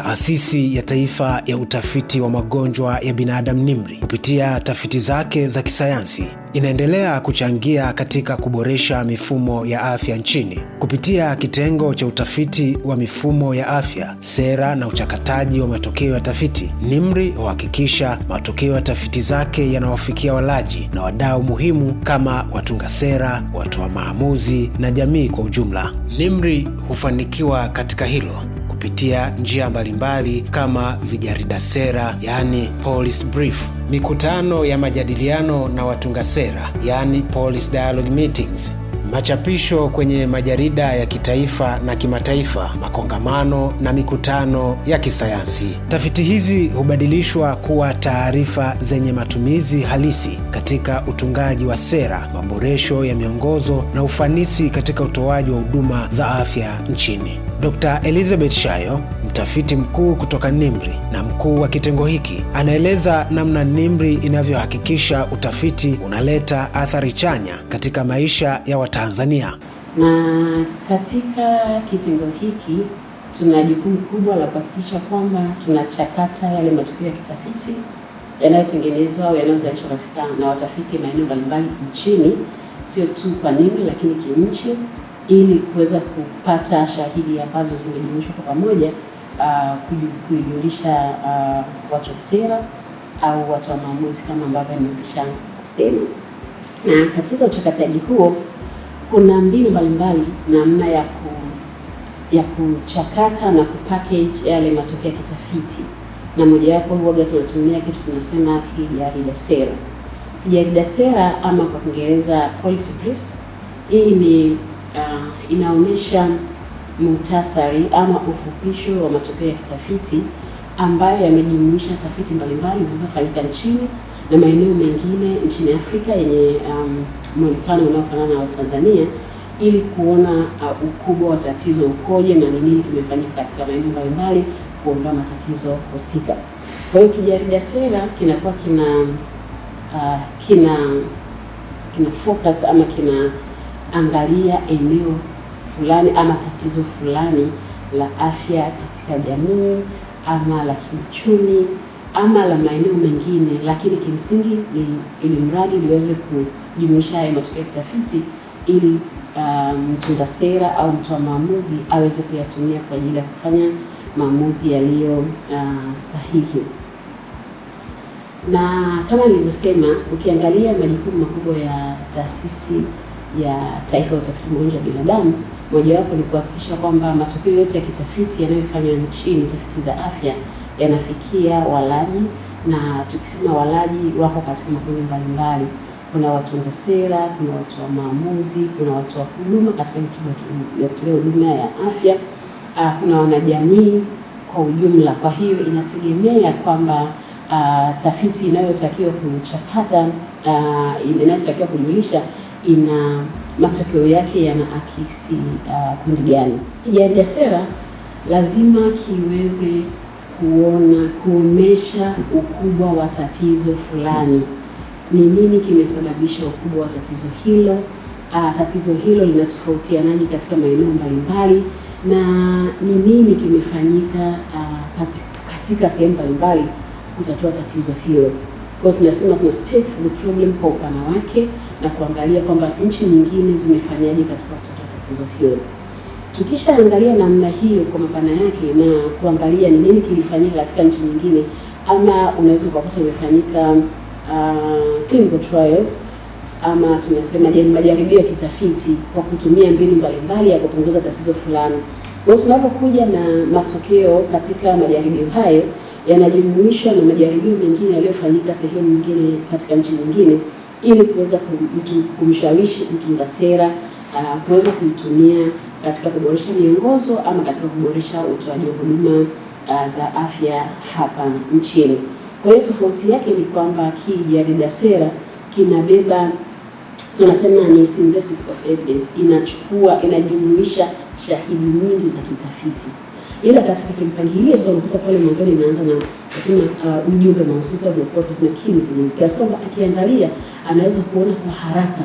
taasisi ya taifa ya utafiti wa magonjwa ya binadamu NIMRI kupitia tafiti zake za kisayansi inaendelea kuchangia katika kuboresha mifumo ya afya nchini kupitia kitengo cha utafiti wa mifumo ya afya, sera na uchakataji wa matokeo ya tafiti. NIMRI huhakikisha matokeo ya tafiti zake yanawafikia walaji na wadau muhimu kama watunga sera, watoa maamuzi na jamii kwa ujumla. NIMRI hufanikiwa katika hilo kupitia njia mbalimbali kama vijarida sera, yaani police brief, mikutano ya majadiliano na watunga sera, yani police dialogue meetings Machapisho kwenye majarida ya kitaifa na kimataifa, makongamano na mikutano ya kisayansi. Tafiti hizi hubadilishwa kuwa taarifa zenye matumizi halisi katika utungaji wa sera, maboresho ya miongozo na ufanisi katika utoaji wa huduma za afya nchini. Dr. Elizabeth Shayo, mtafiti mkuu kutoka nimri na mkuu wa kitengo hiki, anaeleza namna nimri inavyohakikisha utafiti unaleta athari chanya katika maisha ya wata Tanzania. Na katika kitengo hiki tuna jukumu kubwa la kuhakikisha kwamba tunachakata yale matukio ya kitafiti yanayotengenezwa au yanayozalishwa katika na watafiti maeneo mbalimbali nchini, sio tu kwa nini lakini kinchi, ili kuweza kupata shahidi ambazo zimejumuishwa kwa pamoja, uh, ah, kuijulisha uh, ah, watu wa sera au watu wa maamuzi kama ambavyo nimekwisha kusema. Na katika uchakataji huo kuna mbinu mbalimbali namna ya ku, ya kuchakata na kupackage yale matokeo ya kitafiti, na mojawapo huwaga tunatumia kitu tunasema kijarida sera. Kijarida sera ama kwa Kiingereza policy briefs, hii ni uh, inaonyesha muhtasari ama ufupisho wa matokeo ya kitafiti ambayo yamejumuisha tafiti mbalimbali zilizofanyika nchini na maeneo mengine nchini Afrika yenye um, mwonekano unaofanana na Tanzania ili kuona uh, ukubwa wa tatizo ukoje na ni nini kimefanyika katika maeneo mbalimbali kuondoa matatizo husika. Kwa hiyo kijarida sera kinakuwa kina uh, kina kina focus ama kinaangalia eneo fulani ama tatizo fulani la afya katika jamii ama la kiuchumi ama la maeneo mengine, lakini kimsingi ili mradi liweze kujumuisha haya matokeo ya kitafiti ili uh, mtunga um, sera au mtoa maamuzi aweze kuyatumia kwa ajili ya kufanya maamuzi yaliyo uh, sahihi. Na kama nilivyosema, ukiangalia majukumu makubwa ya Taasisi ya Taifa ya Utafiti Magonjwa ya Binadamu, mojawapo ni kuhakikisha kwamba matokeo yote ya kitafiti yanayofanywa nchini, tafiti za afya yanafikia walaji, na tukisema walaji wako katika makundi mbalimbali. Kuna watunga sera, kuna watu wa maamuzi, kuna watu wa huduma katika vituo vya kutolea huduma ya afya, ah, kuna wanajamii kwa ujumla. Kwa hiyo inategemea kwamba uh, tafiti inayotakiwa kuchakata uh, inayotakiwa kujulisha ina matokeo yake yanaakisi uh, kundi gani. Kijadi sera lazima kiweze kuona kuonesha ukubwa wa tatizo fulani. Ni nini kimesababisha ukubwa wa tatizo hilo? A, ah, tatizo hilo linatofautianaje katika maeneo mbalimbali, na ni nini kimefanyika a, ah, katika sehemu mbalimbali kutatua tatizo hilo. Kwa tunasema kuna state the problem kwa upana wake na kuangalia kwamba nchi nyingine zimefanyaje katika kutatua tatizo hilo. Tukishaangalia namna hiyo kwa mapana yake na kuangalia ni nini kilifanyika katika nchi nyingine, ama unaweza ukakuta imefanyika uh, clinical trials ama tunasema majaribio ya kitafiti kwa kutumia mbinu mbalimbali ya kupunguza tatizo fulani. Kwa hiyo tunapokuja na matokeo katika majaribio hayo yanajumuishwa na majaribio mengine yaliyofanyika sehemu nyingine katika nchi nyingine, ili kuweza kumshawishi mtunga sera uh, kuweza kuitumia katika kuboresha miongozo ama katika kuboresha utoaji wa huduma uh, za afya hapa nchini. Kwa hiyo tofauti yake ni kwamba kijarida sera kinabeba tunasema ni synthesis of evidence, inachukua inajumuisha shahidi nyingi za kitafiti, ila katika kimpangilio unakuta pale mwanzoni inaanza na kusema uh, ujumbe mahususi au tunasema key messages, kiasi kwamba akiangalia anaweza kuona kwa haraka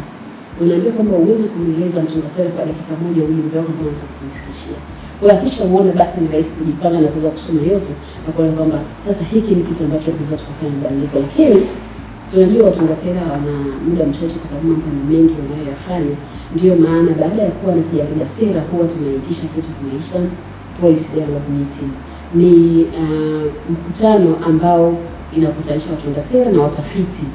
unaambia kwamba uwezi kumweleza mtunga sera kwa dakika moja ujumbe wako ambao unataka kumfikishia. Kwa hiyo akisha uone basi ni rahisi kujipanga na kuweza kusoma yote na kuona kwamba sasa hiki ni kitu ambacho tunaweza tukafanya mabadiliko, lakini tunajua watunga sera wana muda mchache, kwa sababu mambo ni mengi wanayoyafanya. Ndio maana baada ya kuwa na kijarida sera huwa tunaitisha kitu tunaisha policy dialogue meeting, ni uh, mkutano ambao inakutanisha watunga sera na watafiti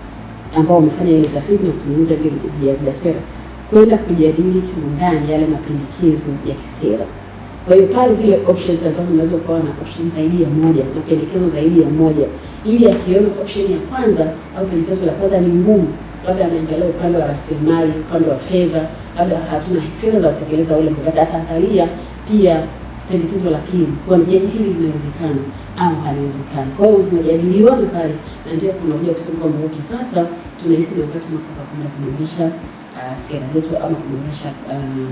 ambao wamefanya ile tafiti na kutengeneza ile vikundi kwenda kujadili kiundani yale mapendekezo ya kisera. Kwa hiyo pale zile options ambazo unaweza kuwa na options zaidi ya moja, mapendekezo zaidi ya moja, ili akiona option ya kwanza au pendekezo la kwanza ni ngumu, labda anaangalia upande wa rasilimali, upande wa fedha, labda hatuna fedha za kutekeleza ule mkakati, ataangalia pia pendekezo la pili, kwa je, hili linawezekana au haliwezekani. Kwa hiyo zinajadiliwana pale, na ndio tunakuja kusema kwamba okay, sasa tunahisi ni wakati mwafaka kwenda kuboresha uh, sera zetu ama kuboresha uh,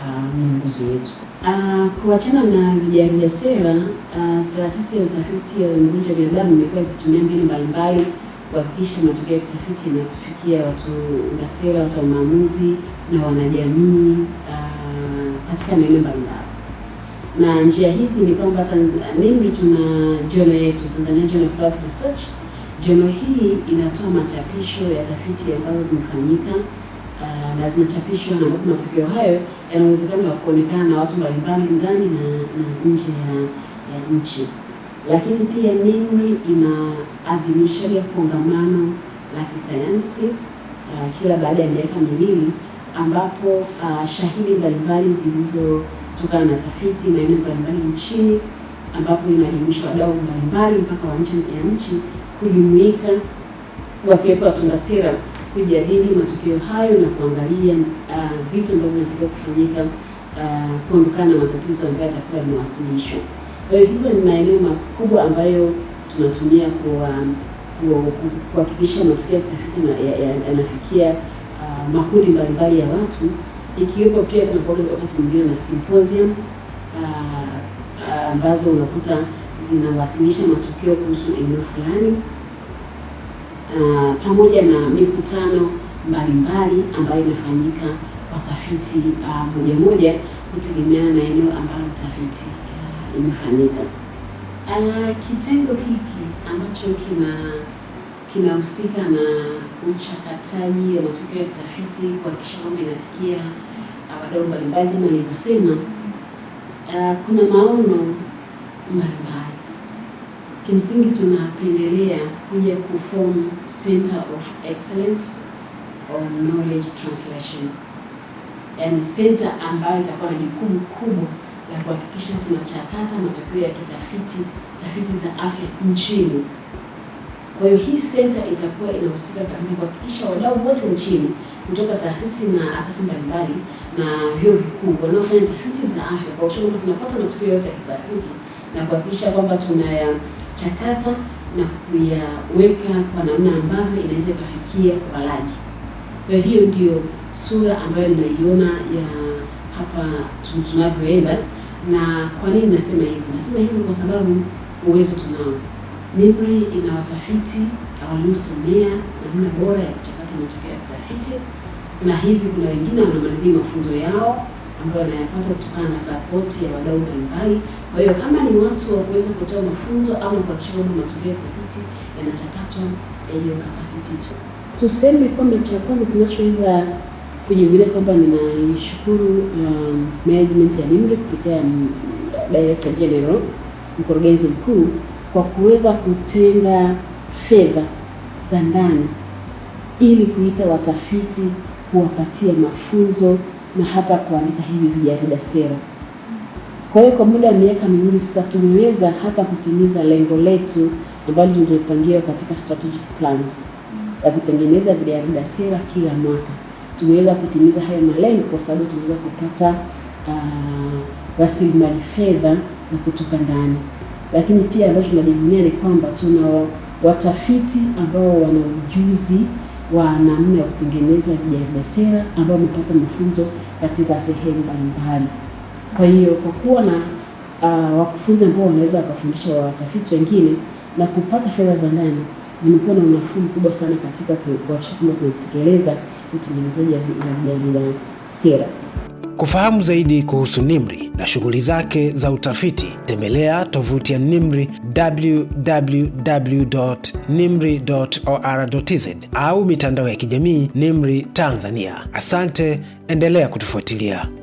uh, miongozo yetu. Uh, kuachana na vijaribu sera, uh, taasisi ya utafiti ya magonjwa ya binadamu imekuwa ikitumia mbinu mbalimbali kuhakikisha matokeo ya kitafiti yanatufikia watunga sera, watu wa maamuzi na wanajamii uh, katika maeneo mbalimbali na njia hizi ni kwamba NIMR tuna jono yetu Tanzania Journal of Health Research. Jono hii inatoa machapisho ya tafiti ambazo zimefanyika ah, na zinachapishwa na ambapo matokeo hayo yana uwezekano wa kuonekana na watu mbalimbali ndani na, na nje ya, ya nchi. Lakini pia NIMR ya kongamano la kisayansi uh, kila baada ya miaka miwili ambapo uh, shahidi mbalimbali zilizo kutokana na tafiti maeneo mbalimbali nchini, ambapo inajumuisha wadau mbalimbali mpaka wa nje ya nchi kujumuika, wakiwepo watunga sera kujadili matukio hayo na kuangalia uh, vitu ambavyo vinatakiwa kufanyika uh, kuondokana na matatizo ambayo yatakuwa yamewasilishwa. Kwa hiyo hizo ni maeneo makubwa ambayo tunatumia kuhakikisha matokeo ya tafiti yanafikia uh, makundi mbalimbali ya watu ikiwepo pia tunakuaga wakati mwingine na symposium ah, ah, ambazo unakuta zinawasilisha matokeo kuhusu eneo fulani, ah, pamoja na mikutano mbalimbali ambayo inafanyika watafiti moja moja kutegemeana na eneo ambalo tafiti imefanyika. Kitengo hiki ambacho kina kinahusika na uchakataji wa matokeo ya utafiti kuhakikisha kwamba inafikia uh, wadau mbalimbali kama nilivyosema. Uh, kuna maono mbalimbali. Kimsingi tunapendelea kuja kuform Center of Excellence on Knowledge Translation, yaani center ambayo itakuwa na jukumu kubwa la kuhakikisha tunachakata matokeo ya kitafiti tafiti za afya nchini. Kwa hiyo hii center itakuwa inahusika kabisa kuhakikisha wadau wote nchini kutoka taasisi na asasi mbalimbali na vyuo vikuu wanaofanya tafiti za afya kwa uchungu, tunapata matukio yote ya kitafiti na kuhakikisha kwamba tunayachakata na kuyaweka kwa namna ambavyo inaweza ikafikia walaji. Kwa hiyo ndio sura ambayo ninaiona ya hapa tunavyoenda. Na kwa nini nasema hivi? Nasema hivi kwa sababu uwezo tunao. NIMR ina watafiti waliosomea namna bora ya kuchakata matokeo ya utafiti, na hivi kuna wengine wanamalizia mafunzo yao ambayo wanayapata kutokana na sapoti ya wadau mbalimbali. Kwa hiyo kama ni watu wa kuweza kutoa mafunzo au kuhakikisha matokeo ya utafiti yanachakatwa hiyo capacity tu. Tuseme kwamba cha kwanza kinachoweza kujiongelea kwamba ninaishukuru um, management ya NIMRI kupitia um, Director General mkurugenzi mkuu kwa kuweza kutenga fedha za ndani ili kuita watafiti kuwapatia mafunzo na hata kuandika hivi vijarida sera. Kwa hiyo kwa muda wa miaka miwili sasa tumeweza hata kutimiza lengo letu ambalo tulipangiwa katika strategic plans ya kutengeneza vijarida sera kila mwaka. Tumeweza kutimiza hayo malengo kwa sababu tumeweza kupata uh, rasilimali fedha za kutoka ndani lakini pia ambacho tunajivunia ni kwamba tuna watafiti ambao wana ujuzi wa namna ya kutengeneza vijaribasera ambao wamepata mafunzo katika sehemu mbalimbali. Kwa hiyo kwa kuwa na uh, wakufunzi ambao wanaweza wakafundisha wa watafiti wengine na kupata fedha za ndani, zimekuwa na unafuu mkubwa sana katika kuhakikisha kwamba tunatekeleza utengenezaji wa vijaribasera. Kufahamu zaidi kuhusu NIMR na shughuli zake za utafiti, tembelea tovuti ya NIMR www.nimr.or.tz au mitandao ya kijamii NIMR Tanzania. Asante, endelea kutufuatilia.